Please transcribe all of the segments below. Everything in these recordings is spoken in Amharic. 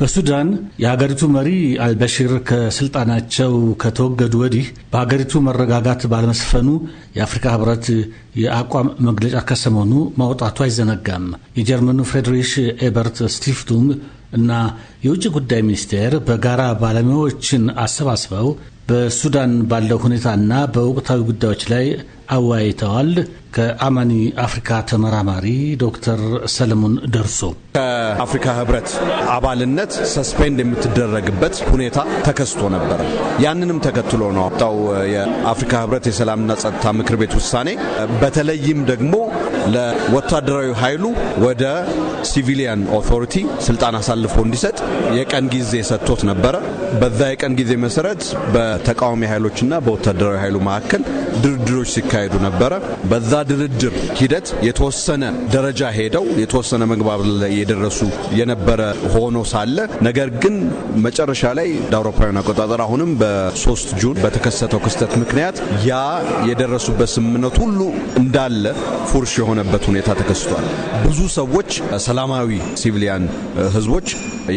በሱዳን የሀገሪቱ መሪ አልበሽር ከስልጣናቸው ከተወገዱ ወዲህ በሀገሪቱ መረጋጋት ባለመስፈኑ የአፍሪካ ህብረት የአቋም መግለጫ ከሰሞኑ ማውጣቱ አይዘነጋም። የጀርመኑ ፍሬድሪሽ ኤበርት ስቲፍቱንግ እና የውጭ ጉዳይ ሚኒስቴር በጋራ ባለሙያዎችን አሰባስበው በሱዳን ባለው ሁኔታና በወቅታዊ ጉዳዮች ላይ አወያይተዋል። ከአማኒ አፍሪካ ተመራማሪ ዶክተር ሰለሞን ደርሶ ከአፍሪካ ህብረት አባልነት ሰስፔንድ የምትደረግበት ሁኔታ ተከስቶ ነበረ። ያንንም ተከትሎ ነው አጣው የአፍሪካ ህብረት የሰላምና ጸጥታ ምክር ቤት ውሳኔ በተለይም ደግሞ ለወታደራዊ ኃይሉ ወደ ሲቪሊያን ኦቶሪቲ ስልጣን አሳልፎ እንዲሰጥ የቀን ጊዜ ሰጥቶት ነበረ። በዛ የቀን ጊዜ መሰረት በተቃዋሚ ኃይሎችና በወታደራዊ ኃይሉ መካከል ድርድሮች ሲካሄዱ ነበረ። በዛ ድርድር ሂደት የተወሰነ ደረጃ ሄደው የተወሰነ መግባብ ላይ የደረሱ የነበረ ሆኖ ሳለ ነገር ግን መጨረሻ ላይ እንደ አውሮፓውያን አቆጣጠር አሁንም በሶስት ጁን በተከሰተው ክስተት ምክንያት ያ የደረሱበት ስምምነት ሁሉ እንዳለ ፉርሽ የሆነ የሆነበት ሁኔታ ተከስቷል። ብዙ ሰዎች ሰላማዊ ሲቪሊያን ህዝቦች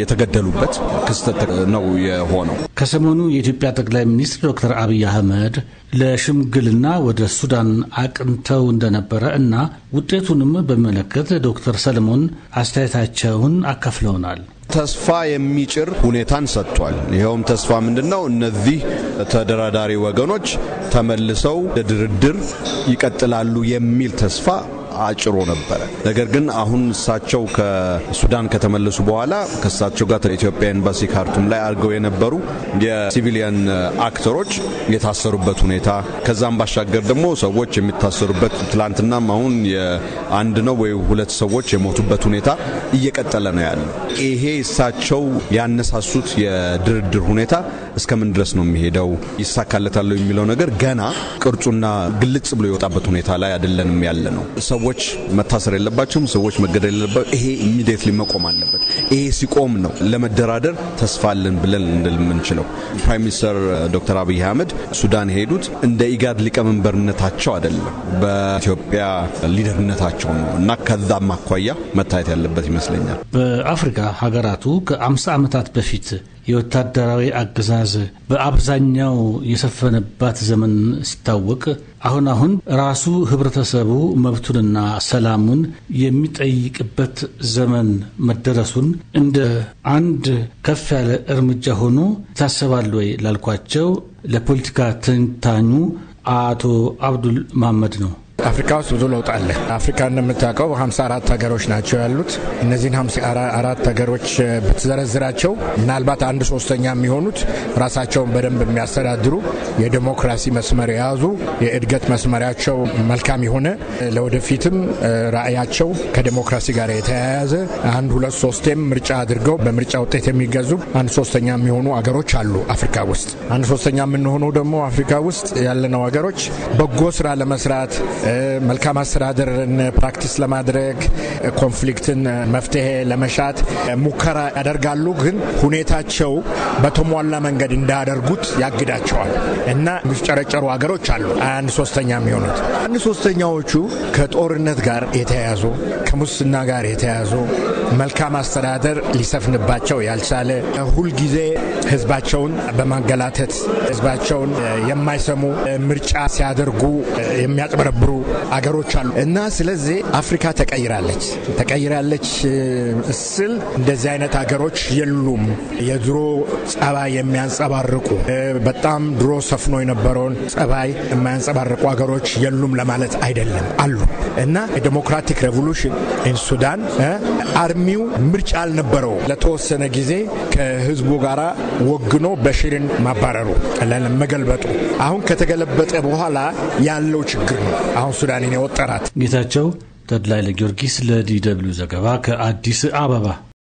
የተገደሉበት ክስተት ነው የሆነው። ከሰሞኑ የኢትዮጵያ ጠቅላይ ሚኒስትር ዶክተር አብይ አህመድ ለሽምግልና ወደ ሱዳን አቅንተው እንደነበረ እና ውጤቱንም በሚመለከት ዶክተር ሰለሞን አስተያየታቸውን አካፍለውናል። ተስፋ የሚጭር ሁኔታን ሰጥቷል። ይኸውም ተስፋ ምንድን ነው? እነዚህ ተደራዳሪ ወገኖች ተመልሰው ለድርድር ይቀጥላሉ የሚል ተስፋ አጭሮ ነበረ። ነገር ግን አሁን እሳቸው ከሱዳን ከተመለሱ በኋላ ከእሳቸው ጋር ኢትዮጵያ ኤምባሲ ካርቱም ላይ አድርገው የነበሩ የሲቪሊያን አክተሮች የታሰሩበት ሁኔታ ከዛም ባሻገር ደግሞ ሰዎች የሚታሰሩበት ትላንትናም አሁን የአንድ ነው ወይ ሁለት ሰዎች የሞቱበት ሁኔታ እየቀጠለ ነው ያለ። ይሄ እሳቸው ያነሳሱት የድርድር ሁኔታ እስከምን ድረስ ነው የሚሄደው ይሳካለታለሁ የሚለው ነገር ገና ቅርጹና ግልጽ ብሎ የወጣበት ሁኔታ ላይ አይደለንም ያለ ነው። ሰዎች ሰዎች መታሰር የለባቸውም፣ ሰዎች መገደል የለባቸው። ይሄ ኢሚዲየት መቆም አለበት። ይሄ ሲቆም ነው ለመደራደር ተስፋ አለን ብለን እንል የምንችለው። ፕራይም ሚኒስተር ዶክተር አብይ አህመድ ሱዳን የሄዱት እንደ ኢጋድ ሊቀመንበርነታቸው አይደለም፣ በኢትዮጵያ ሊደርነታቸው ነው እና ከዛም አኳያ መታየት ያለበት ይመስለኛል። በአፍሪካ ሀገራቱ ከአምሳ ዓመታት በፊት የወታደራዊ አገዛዝ በአብዛኛው የሰፈነባት ዘመን ሲታወቅ አሁን አሁን ራሱ ህብረተሰቡ መብቱንና ሰላሙን የሚጠይቅበት ዘመን መደረሱን እንደ አንድ ከፍ ያለ እርምጃ ሆኖ ይታሰባል ወይ ላልኳቸው ለፖለቲካ ትንታኙ አቶ አብዱል መሐመድ ነው። አፍሪካ ውስጥ ብዙ ለውጥ አለ። አፍሪካ እንደምታውቀው 54 ሀገሮች ናቸው ያሉት። እነዚህን 54 ሀገሮች ብትዘረዝራቸው ምናልባት አንድ ሶስተኛ የሚሆኑት ራሳቸውን በደንብ የሚያስተዳድሩ የዲሞክራሲ መስመር የያዙ የእድገት መስመሪያቸው መልካም የሆነ ለወደፊትም ራዕያቸው ከዲሞክራሲ ጋር የተያያዘ አንድ ሁለት ሶስቴም ምርጫ አድርገው በምርጫ ውጤት የሚገዙ አንድ ሶስተኛ የሚሆኑ አገሮች አሉ አፍሪካ ውስጥ። አንድ ሶስተኛ የምንሆነው ደግሞ አፍሪካ ውስጥ ያለነው ሀገሮች በጎ ስራ ለመስራት መልካም አስተዳደርን ፕራክቲስ ለማድረግ ኮንፍሊክትን መፍትሄ ለመሻት ሙከራ ያደርጋሉ። ግን ሁኔታቸው በተሟላ መንገድ እንዳያደርጉት ያግዳቸዋል እና የሚፍጨረጨሩ ሀገሮች አሉ። አንድ ሶስተኛ የሚሆኑት አንድ ሶስተኛዎቹ ከጦርነት ጋር የተያያዙ ከሙስና ጋር የተያያዙ መልካም አስተዳደር ሊሰፍንባቸው ያልቻለ ሁልጊዜ ህዝባቸውን በማንገላተት ህዝባቸውን የማይሰሙ ምርጫ ሲያደርጉ የሚያጭበረብሩ አገሮች አሉ እና ስለዚህ አፍሪካ ተቀይራለች ተቀይራለች ስል እንደዚህ አይነት አገሮች የሉም። የድሮ ጸባይ የሚያንጸባርቁ በጣም ድሮ ሰፍኖ የነበረውን ጸባይ የማያንጸባርቁ አገሮች የሉም ለማለት አይደለም፣ አሉ እና የዴሞክራቲክ ሬቮሉሽን ኢን ሱዳን አርሚው ምርጫ አልነበረው። ለተወሰነ ጊዜ ከህዝቡ ጋር ወግኖ በሽርን ማባረሩ መገልበጡ አሁን ከተገለበጠ በኋላ ያለው ችግር ነው። አሁን ሱዳንን የወጠራት ጌታቸው ተድላይ ለጊዮርጊስ ለዲ ደብልዩ ዘገባ ከአዲስ አበባ